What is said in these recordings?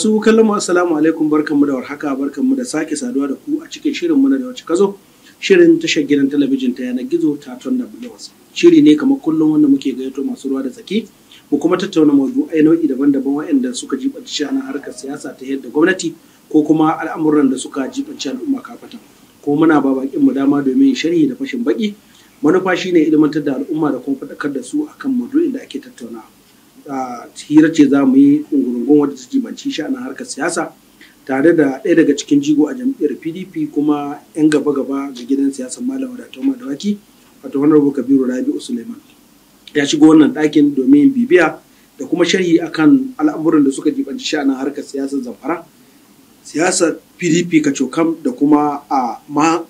Masu kallon mu assalamu alaikum barkanmu da warhaka barkanmu da sake saduwa da ku a cikin shirin mu na da wacce kazo shirin tashar gidan talabijin ta yanar gizo ta ton wasu. Shiri ne kamar kullum wanda muke gayyato masu ruwa da tsaki mu kuma tattauna mawdu'ai nau'i daban-daban waɗanda suka jibanci a harkar siyasa ta yadda gwamnati ko kuma al'amuran da suka jibanci al'umma kafata Ko muna ba bakin mu dama domin sharhi da fashin baki manufa shine ilmantar da al'umma da kuma faɗakar da su akan maudu'in da ake tattaunawa. hira ce za mu yi ungurungun wadda ta jibanci sha'anin harkar siyasa tare da ɗaya daga cikin jigo a jam'iyyar pdp kuma 'yan gaba-gaba ga gidan siyasar malam wadatau madawaki wato honorable kabiru rabi'u suleiman ya shigo wannan ɗakin domin bibiya da kuma sharhi kan al'amuran da suka jibanci sha'anin harkar siyasar zamfara siyasar pdp ka cokam da kuma a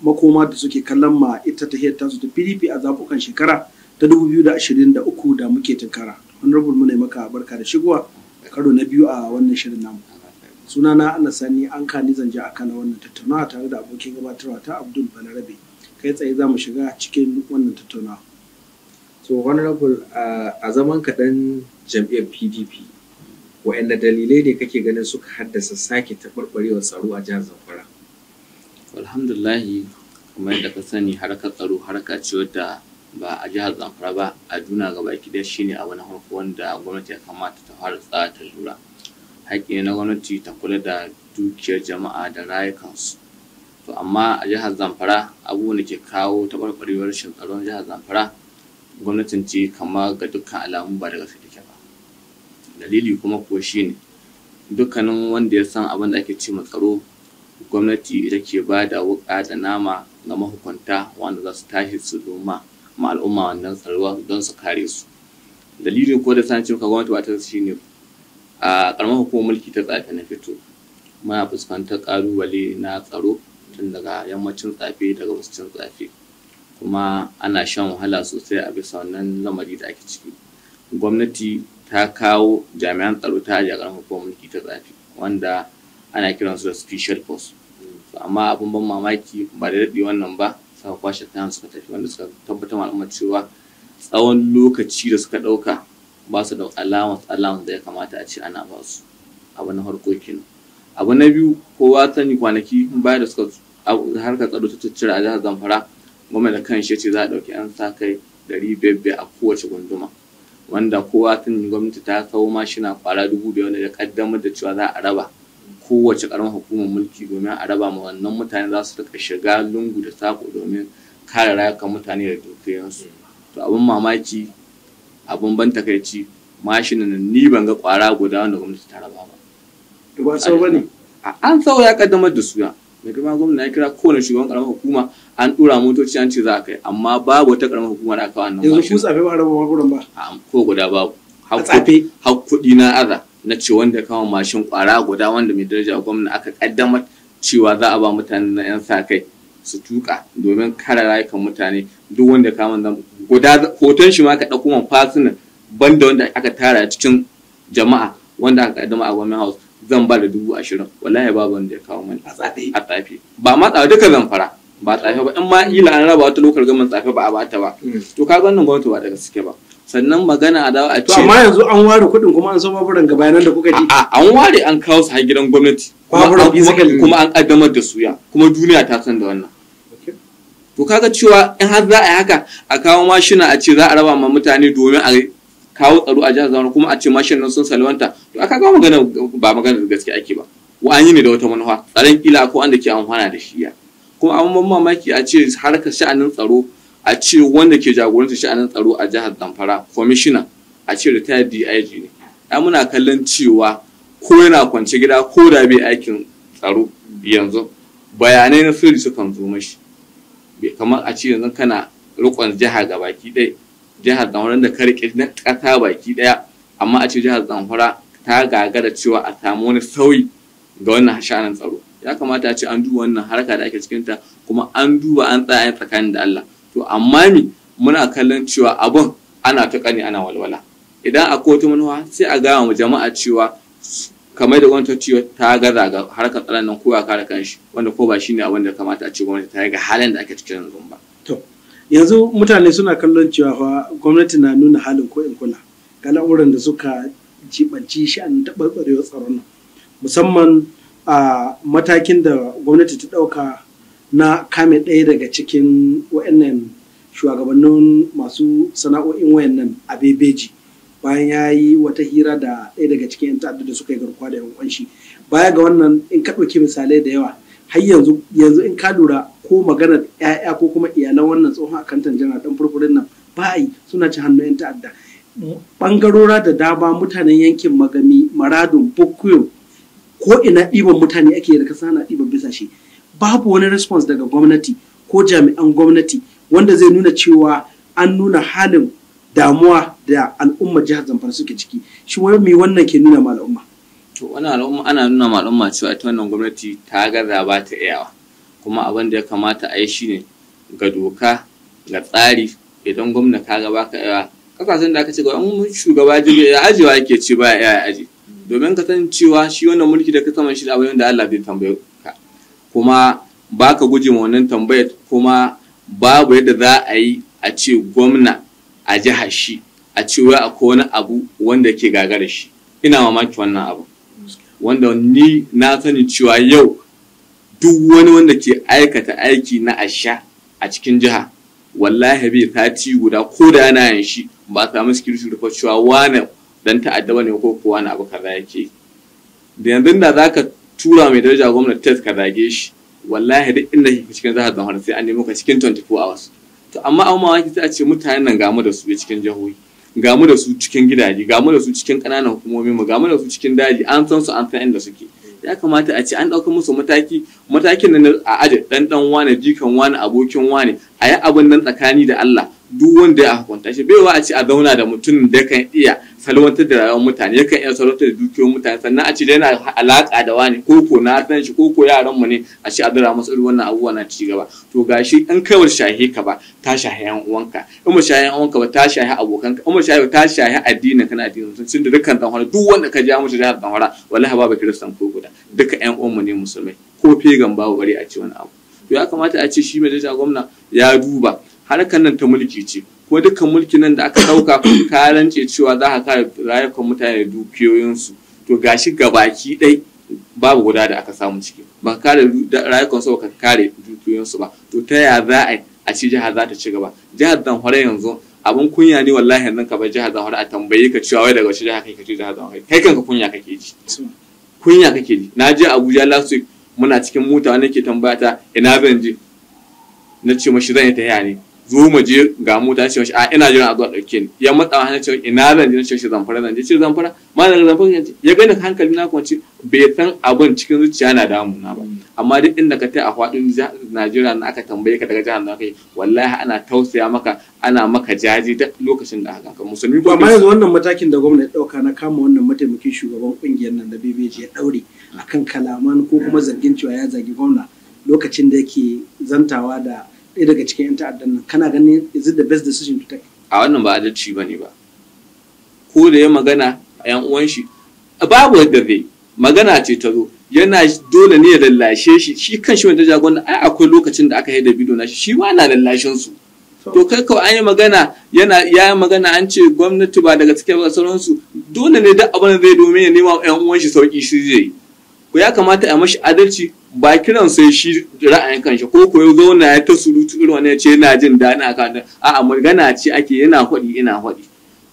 makoma da suke kallon ma ita ta tasu ta pdp a zaɓukan shekara ta 2023 da muke tunkara honorable muna maka barka da shigowa karo na biyu a wannan shirin namu na, Allah Sani an ka kani zanje a na wannan tattaunawa tare da abokin gabatarwa ta Abdul Balarabe kai tsaye za mu shiga cikin wannan tattaunawa so honorable a zaman kaɗan jam'iyyar PDP wa'anda dalilai ne kake ganin suka haddasa sake taɓarɓarewar tsaro a jihar Zamfara alhamdulillahi kamar yadda ka sani harkar tsaro harka ce wadda ba a jihar zamfara ba a juna gaba ɗaya shine abu na farko wanda gwamnati ya kamata ta fara tsara ta lura haƙƙi na gwamnati ta kula da dukiyar jama'a da rayukansu to amma a jihar zamfara abubuwan da ke kawo taɓarɓarewar rashin tsaron jihar zamfara gwamnatin ce kama ga dukkan alamu ba daga take ba dalili kuma ko shine dukkanin wanda ya san abin da ake ce tsaro gwamnati ita ke ba da wuƙa da nama ga mahukunta wanda za su tashi su doma ma al'umma wannan tsaruwa don su kare su dalilin ko da sanin ka gwamnati ba ta ne a karamar hukumar mulki ta tsafi na fito muna fuskantar kalubale na tsaro tun daga yammacin tsafi daga wasu tsafi kuma ana shan wahala sosai a bisa wannan lamari da ake ciki gwamnati ta kawo jami'an tsaro ta ajiye karamar hukumar mulki ta tsafi wanda ana kiransu da special force amma abin ban mamaki ba da daɗe wannan ba suka kwashe ta suka tafi wanda suka tabbatar wa al'umma cewa tsawon lokaci da suka ɗauka ba su da alama alama da ya kamata a ce ana ba su abu na farko kenan abu na biyu kowa sani kwanaki baya da suka harkar tsaro ta ciccira a jihar zamfara gwamnati kan shi ce za a ɗauki an sa kai ɗari biyar a kowace gunduma wanda kowa sani gwamnati ta kawo mashina kwara dubu biyar wanda ya kaddamar da cewa za a raba kowace karamar hukumar mulki domin a raba ma wannan mutane za su rika shiga lungu da sako domin kare rayukan mutane da dukiyansu to abin mamaki abin ban takaici mashinan ni ban ga kwara guda wanda gwamnati ta raba ba to ba sau bane an sau ya kaddamar da suya mai kuma gwamnati ya kira kowane shugaban karamar hukuma an dura motoci an ce za a kai amma babu wata karamar hukuma da aka wannan yanzu shi tsafe ba raba wurin ba ko guda babu har kuɗi na aza na ce wanda ya kama mashin kwara guda wanda mai daraja gwamna aka kaddamar cewa za a ba mutane na 'yan sa kai su tuka domin kare rayukan mutane duk wanda kama zan guda hoton shi ma ka ɗauko man fasinan banda wanda aka tara cikin jama'a wanda aka kaddama a gwamnan house zan ba da dubu ashirin wallahi babu wanda ya kawo mani a tsafi ba ma tsafi duka zan fara ba tsafi ba in ma yi la'an raba wata lokar gaman tsafi ba a bata ba mm. to ka ga gwamnati ba daga suke ba sannan magana a dawo a ce amma yanzu an ware kuɗin kuma an so baburan ga bayanan da kuka ji an ware an kawo su har gidan gwamnati kuma an kaddamar da suya kuma duniya ta san da wannan to kaga cewa in har za a yi haka a kawo mashina a ce za a raba ma mutane domin a kawo tsaro a jihar zamani, kuma a ce mashinan sun salwanta to aka kawo magana ba magana da gaske ake ba wa an yi ne da wata manufa tsaron kila ko an da ke amfana da shi ya kuma an mamaki a ce harkar sha'anin tsaro a ce wanda ke jagorantar sha'anin tsaro a jihar zamfara commissioner a ce retired dig ne ya muna kallon cewa ko yana kwance gida ko da bai aikin tsaro yanzu bayanai na sirri sukan zo mashi kamar a ce yanzu kana rikon jiha ga baki ɗaya jihar zamfara da ka na ƙasa baki ɗaya amma a ce jihar zamfara ta gagara cewa a samu wani sauyi ga wannan sha'anin tsaro ya kamata a ce an duba wannan harka da ake cikinta kuma an duba an tsaya tsakanin da Allah to amma mi muna kallon cewa abun ana ta kani ana walwala idan akwai wata manufa sai a gaya mu jama'a cewa kamar da gwamnati cewa ta gaza ga harkar tsaron nan kowa kare kanshi wanda ko ba ne abin da kamata a ce gwamnati ta yi ga halin da ake cikin yanzu ba to yanzu mutane suna kallon cewa gwamnati na nuna halin ko in kula ga da suka jibanci sha'anin taɓarɓarewar tsaron nan musamman a ah, matakin da gwamnati ta ɗauka na kame ɗaya daga cikin wa'annan shugabannin masu sana'o'in wayannan a bebeji bayan ya yi wata hira da ɗaya daga cikin 'yan ta'adda da suka yi garkuwa da 'yan kwanshi baya ga wannan in ka ɗauki misalai da yawa har yanzu yanzu in ka lura ko magana ƴaƴa ko kuma iyalan wannan tsohon akantan jana ɗan furfurin nan ba yi suna ci hannun 'yan ta'adda bangarora da dama mutanen yankin magami maradun bukuyo ko ina ɗiban mutane ake da kasa na ɗiban bisa shi babu wani response daga gwamnati ko jami'an gwamnati wanda zai nuna cewa an nuna halin damuwa da al'umma jihar zamfara suke ciki shi wai wannan ke nuna ma al'umma to wani al'umma ana nuna ma al'umma cewa ita wannan gwamnati ta gaza ba ta iyawa kuma abin da ya kamata a yi shine ga doka ga tsari idan gwamna ka ga baka iyawa kakasin da aka ce ga mun shugaba jirgin ya ajewa Ake ce ba ya aje domin ka san cewa shi wannan mulki da ka saman shi da abin da Allah bai tambaye kuma baka ka guje ma wannan tambayar kuma babu yadda za a yi a ce gwamna a jihar shi a ce wai akwai wani abu wanda ke gagara shi ina mamaki wannan abu wanda ni na sani cewa yau duk wani wanda ke aikata aiki na asha a cikin jiha wallahi bai sati guda ko da yana yin shi ba samu security da cewa wane dan ta'adda ne ko kuwa na abu kaza yake da yanzu da zaka tura mai daraja gwamna test ka zage shi wallahi duk inda kika cikin zahar Zamfara sai an nemo ka cikin 24 hours to amma amma wani sai a ce mutanen nan gamu da su cikin jihohi gamu da su cikin gidaje gamu da su cikin ƙananan hukumomin mu gamu da su cikin daji an san su an san inda suke ya kamata a ce an ɗauka musu mataki matakin nan a aje ɗan ɗan wane jikan wane abokin wane a yi abin nan tsakani da Allah duk wanda ya hukunta shi bai a ce a zauna da mutumin da kan iya salwantar da rayuwar mutane yakan iya salwantar da dukiyoyin mutane sannan a ce da yana alaka da wani koko na dan shi koko yaran mu ne a ce a dora masu irin wannan abubuwa na ci gaba to gashi in kai wa shahi ka ba ta shahi yan uwanka in mu shahi yan uwanka ba ta shahi abokan ka in mu shahi ta shahi addinin na addinin sun da dukkan dan hora duk wanda ka ja mushi da dan hora wallahi babu kristan ko guda duka yan uwan mu ne musulmai ko fegan babu bari a ce wani abu to ya kamata a ce shi mai gwamna ya duba harkar nan ta mulki ce ko dukkan mulki nan da aka ɗauka ka rance cewa za ka kare rayukan mutane da dukiyoyinsu to gashi gabaki dai babu guda da aka samu ciki ba kare rayukansu ba ka kare dukiyoyinsu ba to ta ya za a a ci jihar za ta ci gaba jihar zamfara yanzu abin kunya ne wallahi yanzu ka bar jihar zamfara a tambaye ka cewa wai daga wace jihar kake ci jihar zamfara kai kanka kunya kake ji kunya kake ji na je abuja last week muna cikin mota wani ke tambaya ta ina zan je na ce mashi zan yi ta ne zo mu je ga mota ce shi a ina jiran a zuwa dauke ni ya matsa wa hannun cewa ina zan je shi zamfara zan je shi zamfara malam zamfara ya ce ya gani hankali na kwanci bai san abin cikin zuciya na damuna ba amma duk inda ka tai a faɗin Najeriya na aka tambaye ka daga jihar da kai wallahi ana tausaya maka ana maka jaji duk lokacin da haka musulmi ba amma yanzu wannan matakin da gwamnati dauka na kama wannan mataimakin shugaban kungiyar nan da BBJ ya daure akan kalaman ko kuma zargin cewa ya zagi gwamna lokacin da yake zantawa da ɗaya daga cikin 'yan ta'addan nan kana ganin is it the best decision to take a wannan ba adalci ba ne ba ko da ya magana a yan uwan shi babu yadda zai magana ce ta zo yana dole ne ya lallashe shi shi kan shi wanda jagon ai akwai lokacin da aka haida bidiyo na shi shi ma na lallashin su to kai kawai an yi magana yana ya yi magana an ce gwamnati ba daga cikin su dole ne duk abin zai domin ya nema yan uwan shi sauki shi zai yi ya kamata a mashi adalci ba kiran sai shi ra'ayin kanshi ko ko yau zauna ya ta surutu irin wani ce yana jin daɗi a a a'a magana ce ake yana faɗi ina faɗi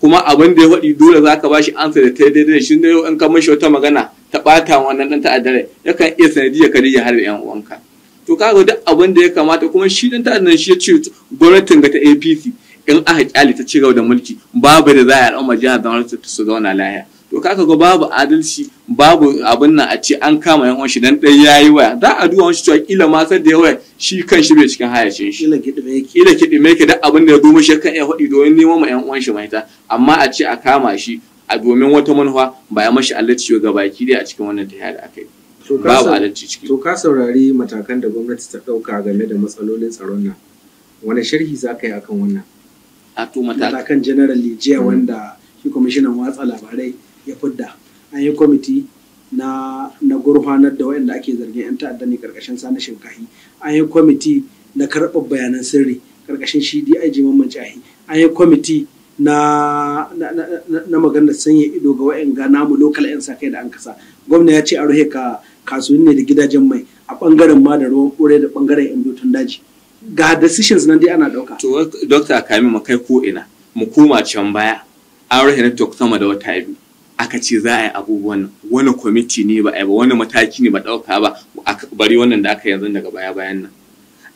kuma abin da ya faɗi dole zaka ba shi ansa da ta daidai shi ne in ka mashi wata magana ta ɓata wannan ɗan ta'addare kan iya sanadi ya ka ya harbe yan uwanka to kaga duk abin da ya kamata kuma shi ɗan ta'addare shi ya ce gwamnatin ga ta APC in aka kyale ta ci gaba da mulki babu da za a yi al'umma jihar zamar su zauna lahiya to kaka ga babu adalci babu abin nan a ce an kama yan uwan shi dan dan yayi waya da a duwan shi cewa kila ma sai da yawa shi kan shi bai cikin hayacin shi kila kidi mai kila kidime yake da abin da ya zo mashi kan ya hudi domin neman ma yan uwan shi maita amma a ce a kama shi a domin wata manufa ba ya mashi allaci ga baki dai a cikin wannan ta da aka yi babu adalci ciki to ka saurari matakan da gwamnati ta dauka game da matsalolin tsaron nan wani sharhi za ka yi akan wannan a to matakan general jiya hmm. wanda shi kwamishinan watsa labarai ya fidda an yi kwamiti na na da wayanda ake zargin 'yan ta'adda ne karkashin sani shinkahi an yi kwamiti na karɓar bayanan sirri karkashin shi DIG Mamman Jahi an yi kwamiti na na maganar sanya ido ga waɗanda namu lokal 'yan sa kai da an kasa gwamna ya ce a ruhe ka ne da gidajen mai a bangaren ma da ruwan kure da bangaren indotun daji ga decisions nan dai ana ɗauka. to dokta kami mu kai ko ina mu koma can baya an ruhe na sama da wata biyu aka ce za a yi abubuwan wani kwamiti ne ba a yi ba wani mataki ne ba ɗauka ba bari wannan da aka yanzu daga baya bayan nan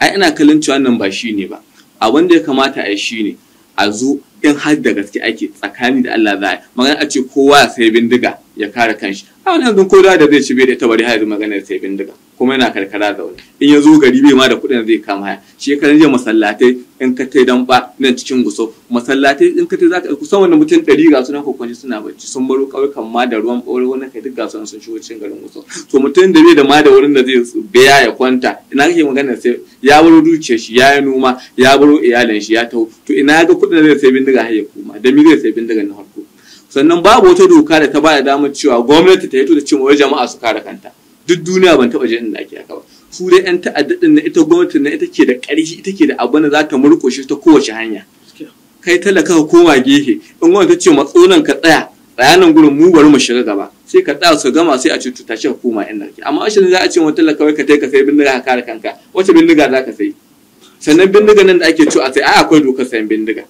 ai ina kallon cewa nan ba shi ne ba a wanda ya kamata a yi shi ne a zo in har da gaske ake tsakani da Allah za a yi magana a ce kowa ya sai bindiga ya kare kanshi a wani yanzu ko da zai ci bai da ita bari har yanzu maganar sai bindiga kuma yana karkara da wani in ya zo gari bai ma da kuɗin zai kama haya shi jiya masallatai in ka tai dan ba nan cikin guso masallatai in ka tai zaka kusan wani mutum ɗari ga sunan kokonci suna bacci sun baro ƙauyukan ma da ruwan ɓaure wani kai duk ga sunan sun shigo cikin garin guso to mutum da bai da ma da wurin da zai biya ya kwanta ina kake magana sai ya baro dukiyar shi ya yi noma ya baro iyalin shi ya taho to ina ga kuɗin zai sai bindiga har ya kuma da mi zai sai bindiga na farko sannan babu wata doka da ta ba da damar cewa gwamnati ta yi to da cewa jama'a su kare kanta duk duniya ban taɓa jin inda ake haka ba su dai yan ta'adda din na ita gwamnati na ita ke da ƙarfi ita ke da abin da za ta murƙushe ta kowace hanya kai talaka ka koma gefe in gwamnati ta ce matsonan ka tsaya bayanan gurin mu bari mu shiga gaba sai ka tsaya su gama sai a ce ta ce koma inda kake amma ashin za a ce wani talaka wai ka kai ka sai bindiga ka kare kanka wace bindiga za ka sai sannan bindiga nan da ake cewa a sai ai akwai dokar sayan bindiga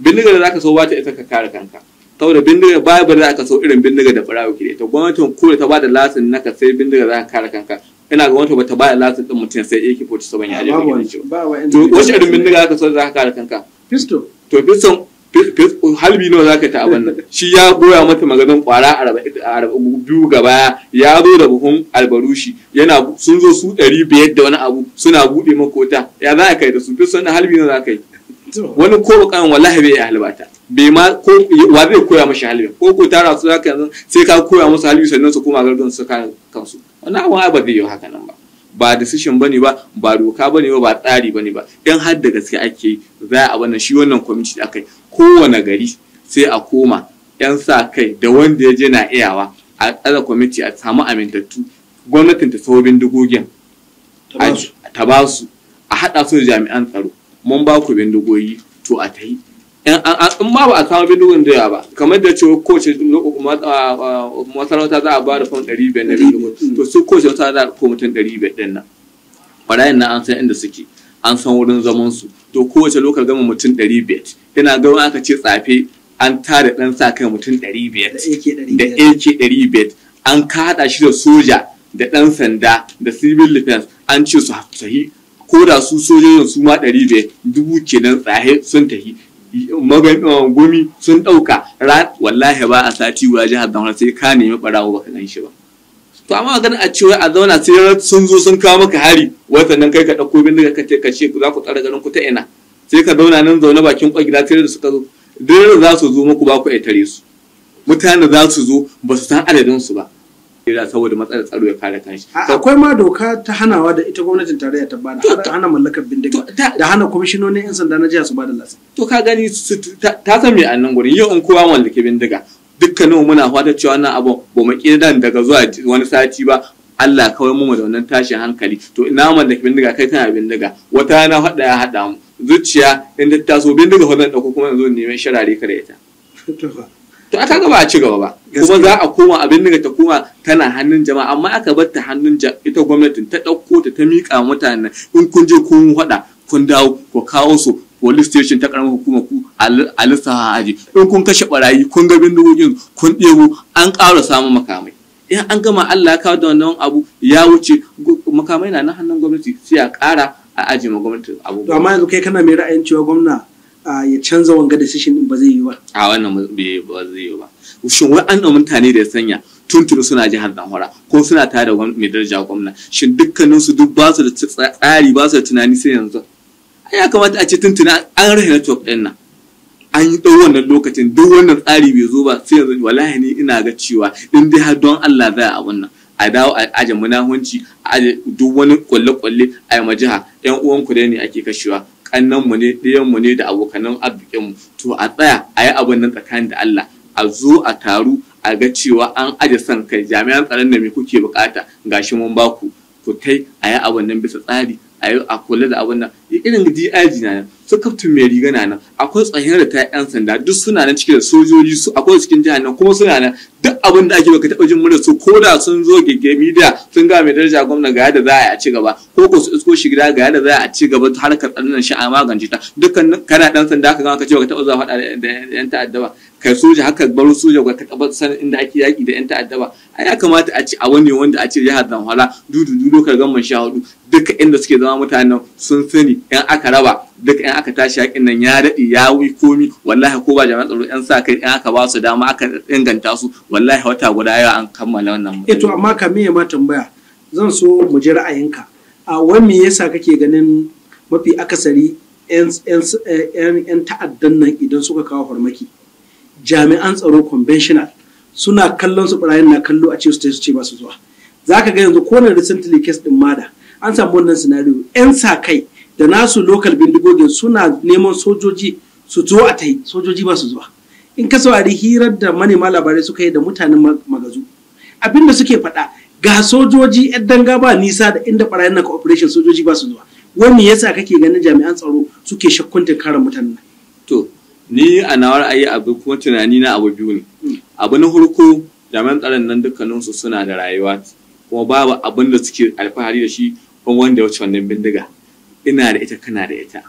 bindiga da za ka so ba ta isa ka kare kanka saboda bindiga ba ba za ka so irin bindiga da farawo ke to gwamnatin ko ta ba da lasin na ka sai bindiga za ka kare kanka ina ga gwamnati ba ta ba da lasin din mutum sai AK47 ya je ba to wace irin bindiga za ka so za ka kare kanka pistol to pistol halbi nawa za ka ta abin nan shi ya goya mata maganin kwara a biyu gaba ya zo da buhun albarushi yana sun zo su ɗari biyar da wani abu suna buɗe makota ya za ka yi da su pistol na halbi nawa za ka yi wani ko kan wallahi bai iya halbata wa zai koya mashi halbi ko ko tara su haka yanzu sai ka koya musu halbi sannan su koma gargan su kan kansu wani abun ba zai yi haka nan ba ba decision bane ba ba doka bane ba ba tsari bane ba in har da gaske ake za a wannan shi wannan kwamiti da aka yi kowane gari sai a koma yan sa kai da wanda ya je na iyawa a tsara kwamiti a samu amintattu gwamnatin ta saurin bindigogin ta ba su a haɗa su da jami'an tsaro mun ba ku bindigoyi to a ta yi in ba ba a kama bindigoyin da yawa ba kamar da cewa kowace masarauta za a ba da fam 500 na bindigoyi. to su kowace wata za a ko mutum 500 din nan barayin na an san inda suke an san wurin zaman su to kowace lokal gama mutum 500 yana gaban aka ce tsafe an tara dan sa kai mutum 500 da AK 500 an kada shi da soja da dan sanda da civil defense an ce su sahi ko da su sojojin su ma ɗari biyar dubu kenan tsaye sun tafi gomi uh, sun ɗauka wallahi ba a sati guda jihar damar sai ka nemi ɓarawo baka gan shi ba to amma ganin a cewa a zauna sai sun zo sun kawo maka hari watan nan kai ka ɗauko bindiga ka ce ka ce za ku tsara garin ku ta ina sai ka zauna nan zaune bakin kwagida sai da suka zo dare za su zo muku ba ku tare su mutane za su zo ba su san adadin su ba Najeriya saboda matsalar tsaro ya kare kanshi. Akwai ma doka ta hanawa da ita gwamnatin tarayya ta bada ta hana mallakar bindiga da hana kwamishinonin 'yan sanda na jiya su bada lasa. To ka gani ta san me a nan gurin yau in kowa mallaki bindiga dukkanin muna fata cewa na abu ba mu kiran daga zuwa wani sati ba Allah kawai mu da wannan tashin hankali to ina mallaki bindiga kai kana bindiga wata rana hada ya hada mu zuciya inda ta so bindiga da dauko kuma yanzu neman sharare kare ita. to aka ga ba a ci gaba ba kuma za a koma abin da ta koma tana hannun jama'a amma aka bar ta hannun ita gwamnatin ta ɗauko ta ta miƙa mutanen in kun je kun haɗa kun dawo ku kawo su police station ta karamar hukumar ku a lissafa aji in kun kashe barayi kun ga bindigogin kun ɗebo an ƙara samun makamai in an gama Allah ya kawo da wannan abu ya wuce makamai na na hannun gwamnati sai a ƙara a aji ma gwamnati abu. to amma yanzu kai kana mai ra'ayin cewa gwamna ya canza wanga decision din ba zai yi ba a wannan ba zai yi ba shin wai an mutane da ya sanya tuntun suna jihar Zamfara ko suna tare da mai daraja gwamna shin dukkanin su duk ba su da tsari ba su da tunani sai yanzu ya kamata a ce tuntuna an rahe network ɗin nan an yi ɗau wannan lokacin duk wannan tsari bai zo ba sai yanzu wallahi ni ina ga cewa in dai har don Allah za a wannan a dawo a aje munahunci a duk wani kwalle-kwalle a yi majiha yan uwan ku dai ne ake kashewa kannanmu ne ɗiyanmu ne da abokanan arzikinmu to a tsaya a yi abin nan tsakanin da Allah a zo a taru a ga cewa an aje san kai jami'an tsaron da me kuke bukata gashi mun baku ku kai a yi abin nan bisa tsari a kula da abin nan irin DIG na nan su kaftin mai riga na nan akwai tsahin da ta yan sanda duk suna nan cike sojoji su akwai cikin jihar nan kuma suna nan duk abin da ake baka taɓa jin murar su ko da sun zo gege media sun ga mai daraja gwamna ga yadda za a ci gaba ko ko su isko shi gida ga yadda za a ci gaba harkar tsaron shi a magance ta dukkan kana dan sanda ka gama ka ce baka taɓa zuwa faɗa da yan ta'adda ba kai soja haka baro soja ga takabar san inda ake yaki da yan ta'adda ba a ya kamata a ci a wani wanda a ce jihar zamfara dudu dudu ka gama sha hudu duka inda suke zama mutanen sun sani in aka raba duka in aka tashi yakin nan ya daɗe ya wuyi komi wallahi ko ba jami'an tsaro yan sa kai in aka ba su dama aka inganta su wallahi wata guda yawa an kammala wannan eh to amma ka me ma tambaya zan so mu ji ra'ayinka a wani me yasa kake ganin mafi akasari yan ta'addan nan idan suka kawo farmaki jami'an tsaro conventional suna kallon su barayin na kallo a ce su ce ba su zuwa zaka ga yanzu ko na recently case din mada an samu wannan scenario yan sa kai da nasu lokal bindigogin suna neman sojoji su zo a tai sojoji ba su zuwa in ka saurari hirar da manema labarai suka yi da mutanen magazu abinda suke faɗa ga sojoji yan danga ba nisa da inda barayin na cooperation sojoji ba su zuwa wani yasa kake ganin jami'an tsaro suke shakkuntin kare mutanen to ni a nawar ayi abu kuma tunani na abu biyu ne abu na farko jami'an tsaron nan dukkaninsu suna da rayuwa kuma babu abin da suke alfahari da shi ko wanda ya wuce wannan bindiga ina da ita kana da ita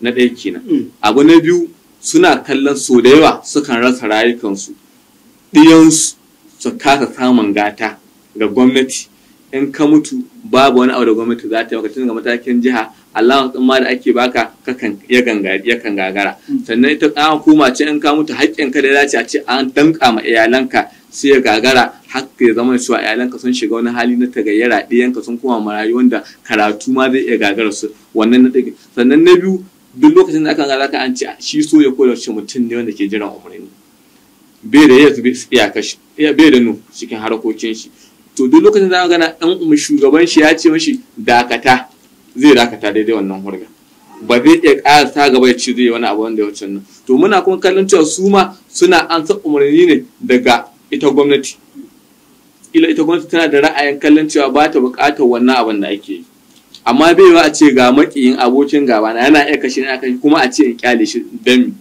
na ɗaya kenan hmm. abu na biyu suna kallon so da yawa sukan rasa rayukansu ɗiyansu su kasa samun gata ga gwamnati in ka mutu babu wani abu da gwamnati za ta yi tun ga matakin jiha alama din ma da ake baka kakan ya gagara hmm. sannan ita an ce in ka mutu haƙƙin ka da dace a ce an danka ma iyalanka sai ya gagara har ya zama cewa iyalanka sun shiga wani hali na tagayyara ɗiyanka sun koma marayu wanda karatu ma zai iya gagara su wannan na ɗage sannan na biyu duk lokacin da aka gara ka an ce shi so ya koya shi mutum ne wanda ke jiran umarni bai da yadda iyaka shi bai da nu cikin harkokin shi to duk lokacin da aka gana ɗan umar shugaban shi ya ce mashi dakata zai dakata daidai wannan hurga ba zai iya ƙara ta gaba ya ce zai yi wani abu wanda ya wuce nan to muna kuma kallon cewa su ma suna an san umarni ne daga ita gwamnati ila ita gwamnati tana da ra'ayin kallon cewa ba ta buƙatar wannan abin da ake yi amma bai yiwa a ce ga makiyin abokin gaba na yana iya kashe na kashe kuma a ce in kyale shi dami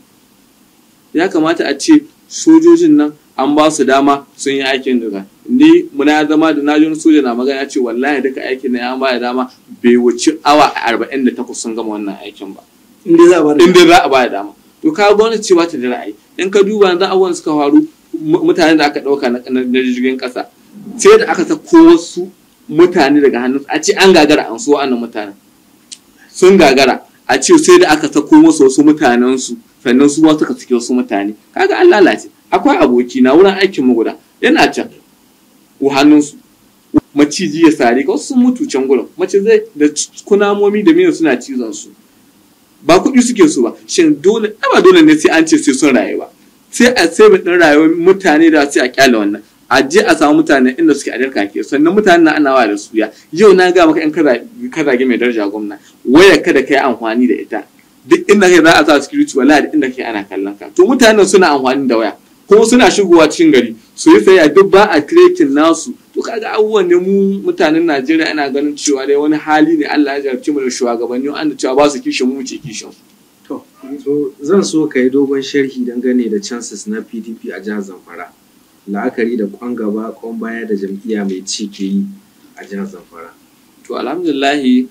ya kamata a ce sojojin nan an ba su dama sun yi aikin duka ni muna zama da na jin soja na magana ce wallahi duka aikin nan. an ba da dama bai wuce awa 48 sun gama wannan aikin ba inda za a ba da dama to ka gwamnati ce ba ta da ra'ayi in ka duba yanzu abubuwan suka faru Mutane da aka ɗauka na jirgin ƙasa sai da aka sako wasu mutane daga hannun a ce an gagara an so wa'annan mutanen sun gagara a ce sai da aka sako wasu wasu mutanensu sannan su ma suka suke wasu mutane kaga an lalace akwai aboki na wurin aikin mu guda yana can ko hannunsu maciji ya sare ka wasu sun mutu can gurin mace zai da kunamomi da miyar suna cizon su ba kuɗi suke so ba shin dole ba dole ne sai an ce sai sun rayu ba sai a sai ɗin rayuwar mutane da sai a kyale wannan a je a samu mutane inda suke a darka ke sannan mutane na ana da suya yau na ga maka in ka zage mai daraja gwamna waya kada ka yi amfani da ita duk inda kai za a sa security wala da inda kai ana kallon ka to mutanen suna amfani da waya ko suna shigowa cikin gari su yi sayayya duk ba a trekin nasu to kaga abubuwan ne mu mutanen Najeriya ana ganin cewa dai wani hali ne Allah ya jarabce mu da shugabanni an da cewa ba su kishin mu mu ce kishin su zan so ka yi dogon sharhi dangane da chances na PDP a jihar Zamfara. La'akari da kwan gaba kwan baya da jam'iyya mai ci ke yi a jihar Zamfara. To alhamdulillahi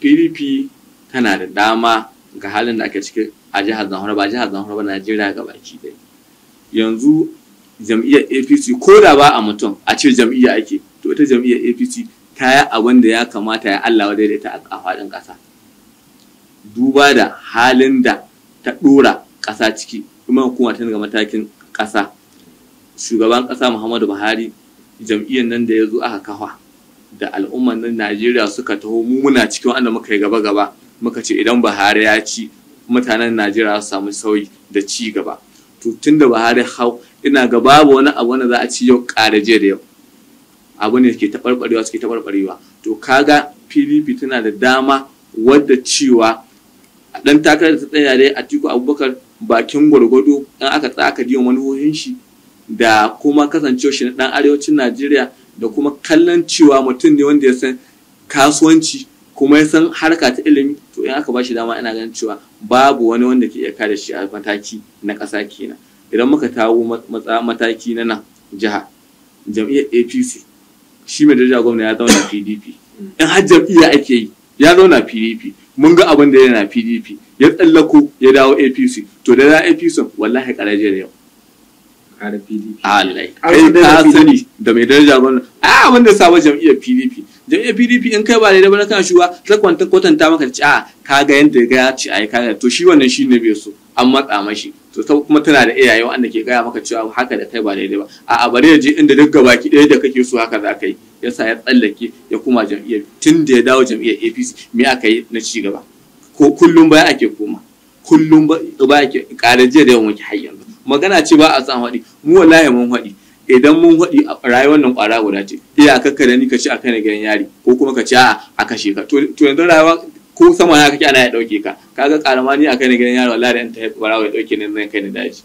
PDP tana da dama ga halin da aka ciki a jihar Zamfara ba jihar Zamfara ba Najeriya ga baki ɗaya. Yanzu jam'iyyar APC ko da ba a mutum a ce jam'iyya ake to ita jam'iyyar APC ta yi abin da ya kamata ya Allah wadai da ita a faɗin ƙasa. duba da halin da ta ɗora ƙasa ciki kuma hukuma ta daga matakin ƙasa shugaban ƙasa muhammadu buhari jam'iyyar nan da ya zo aka kafa da al'ummar nan najeriya suka taho mu muna cikin wanda muka yi gaba gaba muka ce idan buhari ya ci mutanen najeriya su samu sauyi da ci gaba to tun da buhari hau ina ga babu wani abu wanda za a ci yau ƙara jiya da yau abu ne ke taɓarɓarewa suke taɓarɓarewa to kaga pdp tana da dama wadda cewa dan takarar ta tsaya dai tiku Abubakar bakin gwargwado dan aka tsaka diyon manuhohin shi da kuma kasancewa shi na dan arewacin Najeriya da kuma kallon cewa mutum ne wanda ya san kasuwanci kuma ya san harka ta ilimi to in aka bashi dama ina ganin cewa babu wani wanda ke iya kare shi a mataki na ƙasa kenan idan muka tawo mataki na nan jiha jam'iyyar apc shi mai daraja gwamna ya zauna pdp in har jam'iyya ake yi ya zauna pdp mun ga abin da yana pdp ya tsallako ya dawo apc to da za apc wallahi karaje ne yau ah, Allah kai ka sani da mai daraja gwamna a ah, abin da sabon jam'iyyar pdp jam'iyyar pdp in kai ba da ba na kan shuwa ta kwanta kwatanta maka ci a ah, ka ga yadda ya ci a yi kaga to shi wannan shi ne bai so an matsa mashi to ta kuma tana da iyaye wanda ke gaya maka cewa haka da kai ba daidai ba a a bari ya je inda duk gabaki ɗaya da kake so haka za ka yi ya ya tsallake ya kuma jam'iyyar tun da ya dawo jam'iyyar apc me aka yi na ci gaba ko kullum baya ake koma kullum baya ake ƙara jiya da yawan wanke har yanzu magana ce ba a san haɗi mu wallahi mun haɗi idan mun haɗi a rayuwar nan ƙwara guda ce iya ka da ni ka ci a kai na gidan yari ko kuma ka ci a kashe ka to yanzu rayuwa ko sama na kake ana ya dauke ka kaga karamani a kai ne gidan yaro wallahi da ta haifi barawa ya dauke ne zan kai ne daji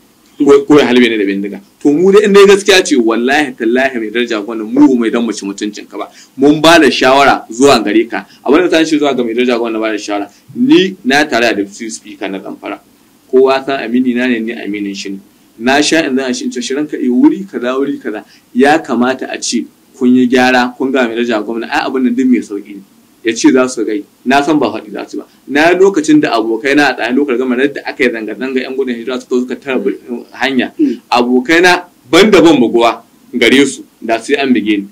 ko ya halbe ne da bindiga to mu dai in dai gaskiya ce wallahi tallahi mai daraja gwanin mu mai dan mu ci mutuncin ka ba mun ba da shawara zuwa gare ka a wannan ta shi zuwa ga mai daraja gwanin ba da shawara ni na tare da deputy speaker na zamfara kowa san amini na ne ni aminin shi na sha in zan shi shirin ka wuri kaza wuri kaza ya kamata a ce kun yi gyara kun ga mai daraja gwamna ai abin nan duk mai sauki ne ya ce za su gai na san ba faɗi za su ba na lokacin da abokai na a ɗayan lokacin gama da aka yi zanga-zanga yan gudun hijira suka suka tara hanya hmm. abokai na ban da ban buguwa gare su da sai an bige ni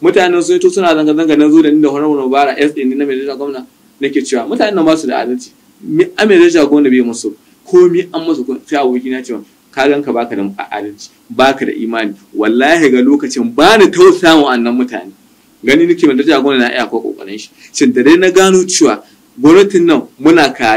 mutanen sun yi to suna zanga-zanga na zo da ni da wani bara s ɗin na mai da gwamna nake cewa mutanen nan ba su da adalci mi a mai da gwamna bai musu ko mi an musu sai aboki na cewa ka ganka baka da adalci baka da imani wallahi ga lokacin bani ni wa annan mutane gani nake wanda ta na iya ko kokarin shi shin da dai na gano cewa gwamnatin nan muna ta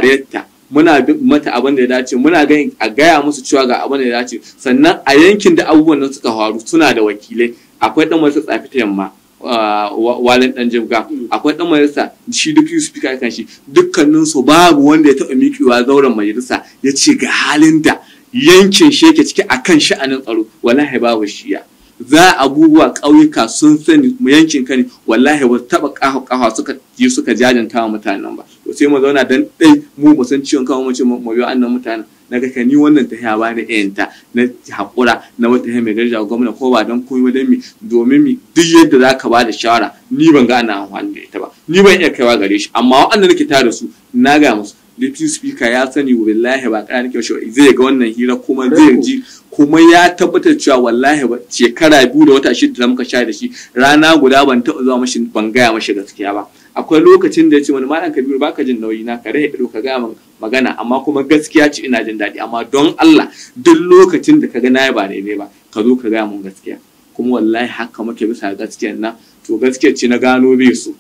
muna mata abin da ya dace muna ganin a gaya musu cewa ga abin da ya dace sannan a yankin da abubuwan nan suka faru suna da wakilai akwai dan wasu tsafi ta yamma ah, walin dan jibga akwai dan majalisa shi duk su fika kan shi dukkanin su babu wanda ya taba mikiwa zauren majalisa ya ce ga halin da yankin shi yake ciki akan sha'anin tsaro wallahi babu shiya za a abubuwa ƙauyuka sun sani mu yankin ka ne wallahi wa taɓa ƙaho ƙaho suka yi suka jajanta wa mutanen ba to sai mu zauna dan dai mu ba san ciwon kawo mace mu yi annan mutanen na ga ni wannan ta ba na iyanta na hakura na wata hanyar daraja gwamna ko ba don koyi wajen mi domin mi duk yadda za ka ba da shawara ni ban ga ana amfani da ita ba ni ban iya kaiwa gare shi amma waɗanda nake tare da su na ga musu deputy speaker ya sani wallahi ba ƙarar kyau shi zai ga wannan hira kuma zai ji kuma ya tabbatar cewa wallahi shekara biyu da wata shida da muka sha da shi rana guda ban taɓa zuwa mashi ban gaya mashi gaskiya ba akwai lokacin da ya ce wani malam kabiru baka jin nauyi na ka rage ka gaya min magana amma kuma gaskiya ce ina jin daɗi amma don Allah duk lokacin da ka ga nayi ba daidai ba ka zo ka gaya min gaskiya kuma wallahi haka muke bisa gaskiyan na to gaskiya ce na gano bai so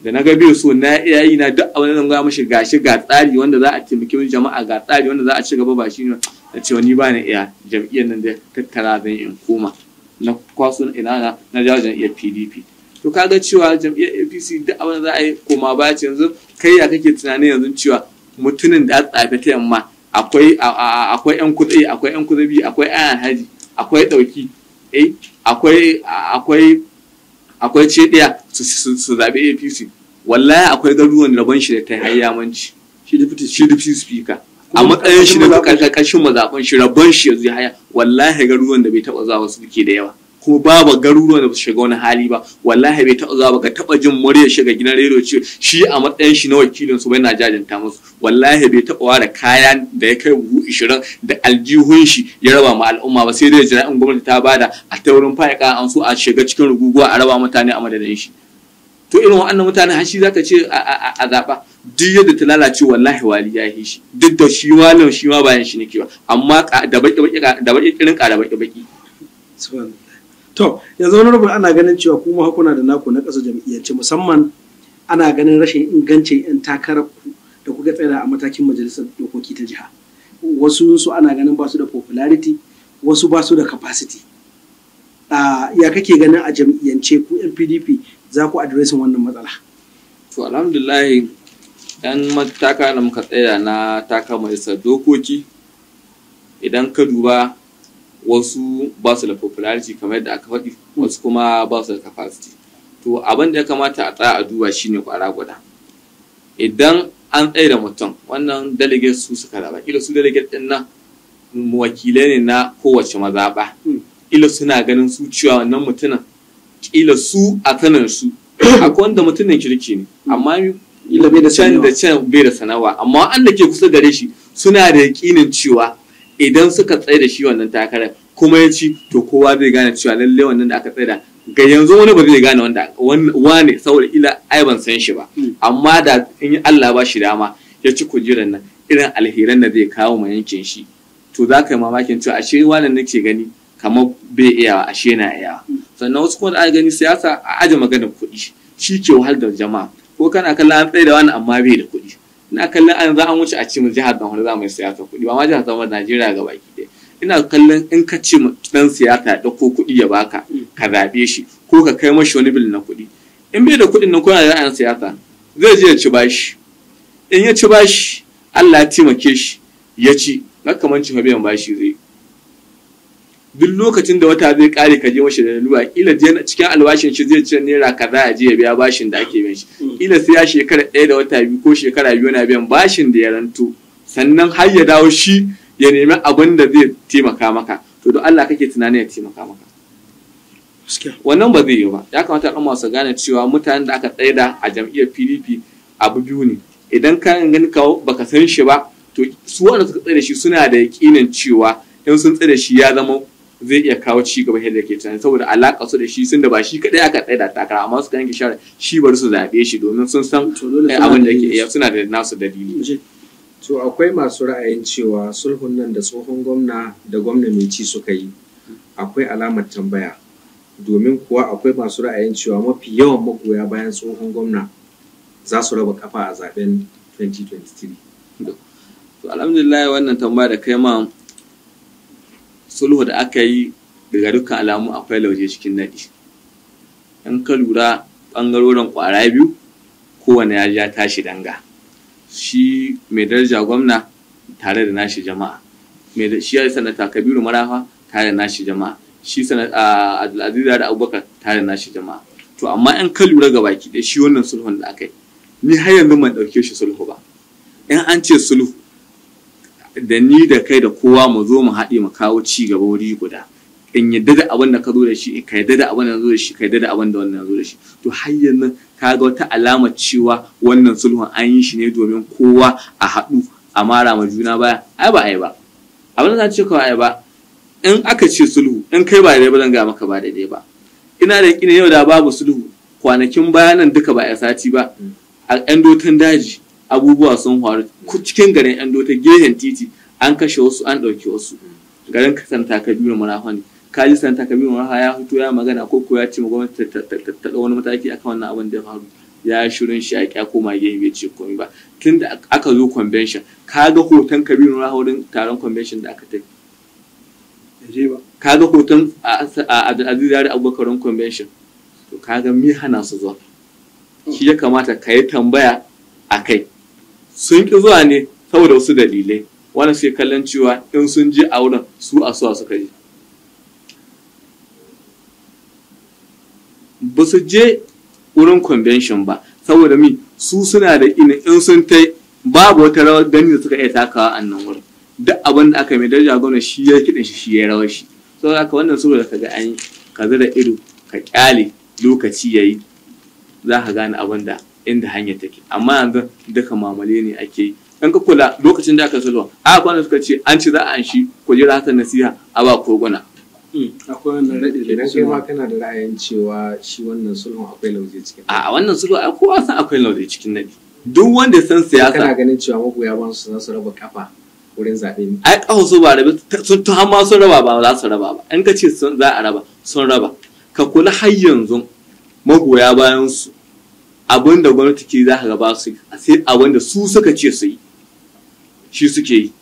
da na ga biyu so na yi na duk abin da ga mashi gashi ga tsari wanda za a taimaki jama'a ga tsari wanda za a ci gaba ba shi ne na ce, wani ba na iya jam'iyyar nan da tattara zan in koma na kwaso na ina na na jawo jam'iyyar PDP to kaga cewa jam'iyyar APC duk abin da za a yi koma ba ce yanzu kai ya kake tunanin yanzu cewa mutumin da tsafe ta yamma akwai akwai yan kudi akwai yan kudabi akwai ayan haji akwai dauki eh akwai akwai akwai cediya su zaɓi apc wallahi akwai garuruwan rabon shi da ta hayyamanci shi fi speaker a matsayin shi na ƙarƙashin mazaɓan shi rabon shi yanzu ya haya wallahi garuruwan da bai taɓa zuwa su ke da yawa kuma ba garuruwan da ba su shiga wani hali ba wallahi bai taɓa zuwa baka taɓa jin murya shiga gidan rediyo ce shi a matsayin shi na wakilin su bai na jajanta musu wallahi bai taɓa ware kaya da ya kai buhu ishirin da aljihun shi ya raba ma al'umma ba sai dai jira'in gwamnati ta bada a ta wurin fa'ika an so a shiga cikin ruguguwa a raba mutane a madadin shi to irin wa'annan mutane har shi zaka ce a zaɓa duk yadda ta lalace wallahi wali ya yi shi duk da shi walin shi ma bayan shi nake ba amma da baki baki da baki baƙi baki baki to yanzu wani rubu ana ganin cewa kuma hakuna da naku na ƙasa jam'iyyance musamman ana ganin rashin ingancin 'yan takarar ku da kuka tsaya a matakin majalisar dokoki ta jiha wasu su ana ganin basu da popularity wasu basu da capacity ya kake ganin a jam'iyyance ku 'yan pdp za ku adiresin wannan matsala to alhamdulillahi yan mataka da muka tsaya na taka majalisar dokoki idan ka duba wasu ba su da popularity kamar yadda aka faɗi wasu kuma ba su da capacity to abin da ya kamata a tsaya a duba shine kwara guda idan an tsaye da mutum wannan delegate su suka zaɓa ila su delegate ɗin nan wakilai ne na kowace mazaɓa ila suna ganin su cewa wannan mutumin ila su a sanin su akwai wanda mutumin kirki ne amma ila bai da can da can bai da sanawa amma an da ke kusa gare shi suna da yakinin cewa idan suka tsaye da shi wannan takarar kuma ya ci to kowa zai gane cewa lalle wannan da aka tsaye da ga yanzu wani ba zai gane wanda wane saboda ila ai ban san shi ba hmm. amma da in Allah ba shi dama ya ci kujerar nan irin alheran da zai kawo ma yankin shi to za ka yi mamakin cewa ashe wannan nake gani kamar bai ba ashe na iyawa hmm. sannan wasu kuma da aka gani siyasa a aje maganar kuɗi shi ke wahal da jama'a ko kana kallon an tsaye da wani amma bai da kuɗi ina kallon an za an wuce a ce mu jihar da za mu yi siyasa kuɗi ba ma jihar zama Najeriya ga baki ɗaya ina kallon in ka ce dan siyasa ya ɗauko kuɗi ya baka mm. ka zaɓe shi ko ka kai mashi wani bil na kuɗi in bai da kuɗin nan ko yana da siyasa zai je ya ci bashi in ya ci bashi Allah ya taimake shi ya ci na kamar cin biyan bashi zai duk lokacin da wata zai kare ka je mashi da lalura ila je cikin albashin shi zai cire naira kaza a je ya biya bashin da ake bin shi kila hmm. sai ya shekara ɗaya da wata biyu ko shekara biyu na biyan bashin da ya ranto sannan har ya dawo shi ya nemi abin da zai taimaka maka to don Allah kake tunanin ya taimaka maka wannan ba zai yi ba ya kamata al'umma su gane cewa mutanen da aka tsaida a jam'iyyar PDP abu biyu ne idan ka gani kawo baka san shi ba to su wanda suka tsaida shi suna da yakinin cewa in sun tsaida shi ya zama zai iya kawo ci gaba yadda ke tunani saboda alaƙa su da shi sun da ba shi kaɗai aka tsaye da takara amma suka yanke shawara shi bari su zaɓe shi domin sun san abin da ke iya eh, suna da nasu dalili. to akwai masu ra'ayin cewa sulhun nan da tsohon gwamna da gwamna mai ci suka yi akwai alamar tambaya domin kuwa akwai masu ra'ayin cewa mafi yawan magoya bayan tsohon gwamna za su raba kafa a zaben 2023. alhamdulillah wannan tambaya da kai ma sulhu da aka yi daga dukkan alamu akwai lauje cikin naɗi in ka lura ɓangarorin ƙwara biyu kowane ya ja tashi danga shi mai daraja gwamna tare da nashi jama'a shi ya sanata kabiru marafa tare da nashi jama'a shi sanata abdulaziz da abubakar tare da nashi jama'a to amma in ka lura ga baki da shi wannan sulhun da aka yi ni har yanzu ban ɗauke shi sulhu ba in an ce sulhu da ni da kai da kowa mu zo mu haɗe mu kawo ci gaba wuri guda in yadda da abin da ka zo da shi ka yadda da abin da zo da shi ka yadda da abin da wannan zo da shi to har yanzu ka ga wata alamar cewa wannan sulhun an yi shi ne domin kowa a haɗu a mara ma juna baya ai ba ai ba abin da ce kawai ai ba in aka ce sulhu in kai ba daidai ba zan ga maka ba daidai ba ina da yaƙi yau da babu sulhu kwanakin bayanan duka ba a sati ba a ƴan dotan daji abubuwa sun faru cikin garin yan dota gehen titi an kashe wasu an ɗauki wasu garin santa kabiru marafa ne kaji santa kabiru marafa ya fito ya magana ko ko ya ce ma gwamnati ta ɗau wani mataki akan wannan abin da ya faru ya shirin shi a kya koma gehe bai ce komai ba tun da aka zo convention ka ga hoton kabiru marafa wurin taron convention da aka ta ka ga hoton aziz yari abubakarin convention to ka ga mi hana su zuwa shi ya kamata ka yi tambaya a kai sun ƙi zuwa ne saboda wasu dalilai wanda suke kallon cewa in sun je a wurin su a suwa suka yi. ba su je wurin convention ba saboda mi su suna da ina in sun ta babu wata rawar gani da suka iya takawa a nan wurin duk abin da aka mai daraja gwamna shi ya kiɗin shi shi ya rawar shi saboda aka wannan saboda ka ga an yi ka da ido ka ƙyale lokaci ya yi, za ka gane abin da inda hanyar take amma yanzu duka mamale ne ake yi in ka kula lokacin da aka sulwa a kwana suka ce an ci za a anshi kujera hasan nasiha a ba koguna hmm, akwai wannan raɗi idan kai ma kana da ra'ayin cewa shi wannan sulhun akwai lauje cikin a wannan sulhun a kowa san akwai lauje cikin nadi duk wanda san siyasa kana ganin cewa magoya ban su za su raba kafa wurin zaɓe ne ai kawo su ba rabe sun ta ma sun raba ba za su raba ba in ka ce za a raba sun raba ka kula har yanzu magoya bayan su abin da gwamnati ke za ka ba su sai abin da su suka ce su yi shi suke yi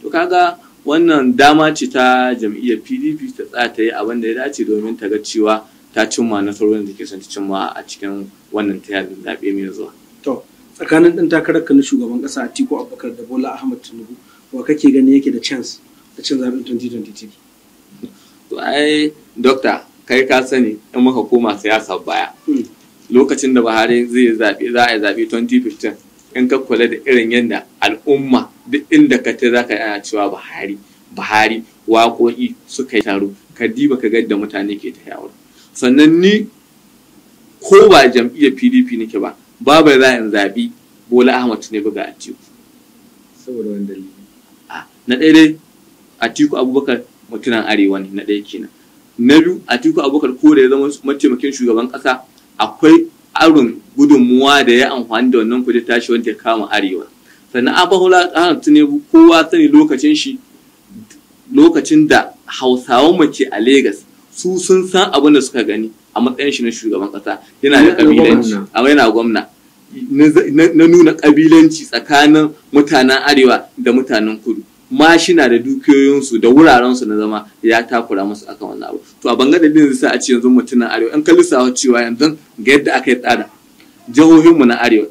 to kaga wannan dama ce ta jam'iyyar pdp ta tsata ta yi abin da ya dace domin ta ga cewa ta cimma nasarorin da ke son ta cimma a cikin wannan ta yadda zaɓe mai zuwa. to tsakanin ɗan takararka na shugaban ƙasa a tiko abubakar da bola ahmad tinubu wa kake gani yake da chance da cin zaɓen 2023. to ai dokta kai ka sani in muka koma siyasa baya hmm. lokacin da Buhari zai zaɓe za a yi zaɓe 2015 in ka kula da irin yadda al'umma duk inda ka ta zaka yana cewa Buhari Buhari waƙoƙi suka yi taro ka diba ka ga mutane ke ta yawo sannan ni ko ba jam'iyyar PDP nake ba babu za in zaɓi Bola Ahmad buga a Atiku saboda wani dalili ah, na ɗaya dai Atiku Abubakar mutunan arewa ne na ɗaya kenan na biyu Atiku Abubakar ko da ya zama mataimakin shugaban ƙasa akwai arin gudunmuwa da ya amfani da wannan kudi tashi wanda ya kama arewa sannan abahula tsarin ne kowa sani lokacin shi lokacin da hausawan mace a Legas su sun san abin da suka gani a matsayin shi na shugaban kasa yana da kabilanci a yana gwamna na nuna kabilanci tsakanin mutanen arewa da mutanen kudu mashina da dukiyoyinsu da wurarensu na zama ya takura masu akan wannan abu to a bangaren din sa a ce yanzu mutumin arewa an kalli sa cewa yanzu ga yadda aka yi tsada jihohinmu na arewa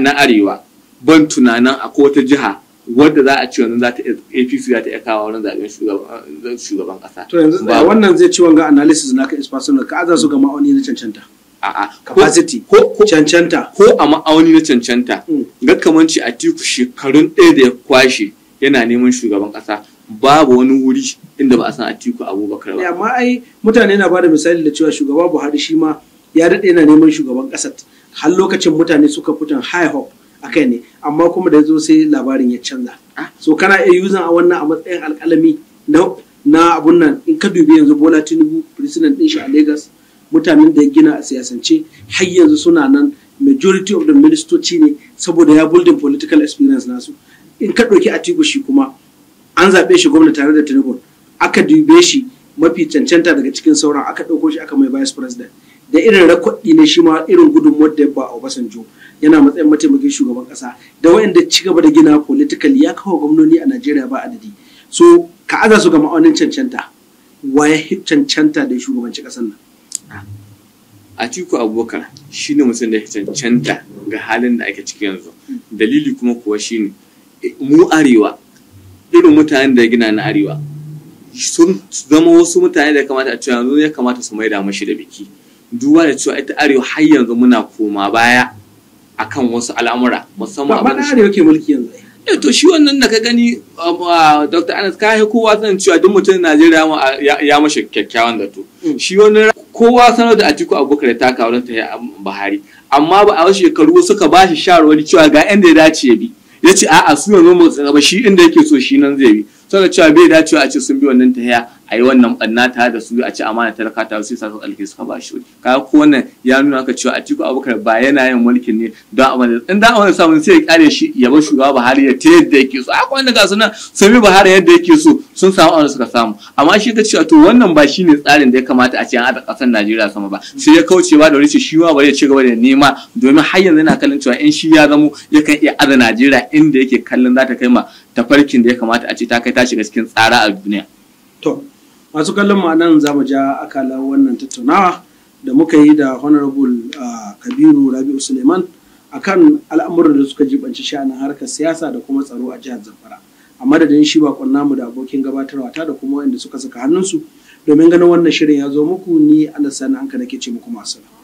na arewa ban tunanin akwai wata jiha wadda za a ce yanzu za ta APC za ta iya kawo wurin zaɓen shugaban eh, ƙasa. To yanzu eh, wannan zai ci wanga analysis naka is personal ka aza su ga ma'auni na cancanta. A'a capacity ko cancanta ko a ma'auni na cancanta mm. ga kamanci a tiku shekarun ɗaya da ya kwashe yana neman shugaban kasa babu wani wuri inda ba a san Atiku Abubakar ba amma ai mutane na bada misali da cewa shugaba Buhari shi ma ya daɗe yana neman shugaban ƙasar. har lokacin mutane suka fitan high hope akai ne amma kuma da zo sai labarin ya canza ah. so kana iya yuzan a wannan a matsayin alƙalami na na abun nan in ka dubi yanzu Bola Tinubu president din shi a Lagos mutanen da ya gina a siyasance har yanzu suna nan majority of the ministoci ne saboda ya building political experience nasu in ka ɗauki atiku shi kuma an zaɓe shi gwamna tare da tinubu aka dube shi mafi cancanta daga cikin sauran aka ɗauko shi aka mai vice president da irin rakwaɗi ne shi ma irin gudun da ba a Obasanjo yana matsayin mataimakin shugaban ƙasa da waɗanda ci gaba da gina politikali ya kawo gwamnoni a Najeriya ba adadi so ka aza su ga ma'aunin cancanta waye cancanta da shugabanci ƙasar nan Atiku Abubakar shine mutum da ya cancanta ga halin da ake ciki yanzu dalili kuma kuwa shine mu arewa irin mutanen da gina na arewa sun zama wasu mutane da kamata a cewa yanzu ya kamata su maida mashi da biki duba da cewa ita arewa har yanzu muna koma baya akan wasu al'amura musamman abin da arewa ke mulki yanzu eh to shi wannan da ka gani um, Dr. Anas ka yi kowa sanin cewa duk mutum Najeriya ya mashi kyakkyawan zato mm. shi wani kowa sanar da Atiku Abubakar ta yi ta Buhari amma ba a wasu shekaru suka ba shi shawarwari cewa ga 'yan da ya dace ya bi ya ce a'a su yanzu mu tsira ba shi inda yake so shi nan zai bi saboda cewa bai dacewa a ce sun bi wannan tahiya a yi wannan ɓanna tare da su a ci amana talaka su sa su alke suka ba shi ka ko wannan ya nuna aka cewa Atiku Abubakar ba yana yin mulkin ne don amana in da amana samun sai ya kare shi ya bar shugaba Buhari ya ta yadda yake so haka wanda ga sunan sun bi Buhari yadda yake so sun samu amana suka samu amma shi ka cewa to wannan ba shi ne tsarin da ya kamata a ce an haɗa ƙasar Najeriya sama ba sai ya kauce ba da wani shi ma bari ya ci gaba da nema domin har yanzu yana kallon cewa in shi ya zamo yakan iya aza Najeriya inda yake kallon za ta kai ma tafarkin da ya kamata a ce ta kai ta shiga cikin tsara a duniya. To, masu kallon mu nan za mu ja akala wannan tattaunawa da muka yi da honorable ah, kabiru rabi'u suleiman akan al'amuran da suka jibanci sha'anin harkar siyasa da kuma tsaro a jihar zamfara a madadin shi bakon namu da abokin gabatarwa ta da kuma wanda suka saka hannunsu domin ganin wannan shirin ya zo muku ni alasani anka nake ce muku masu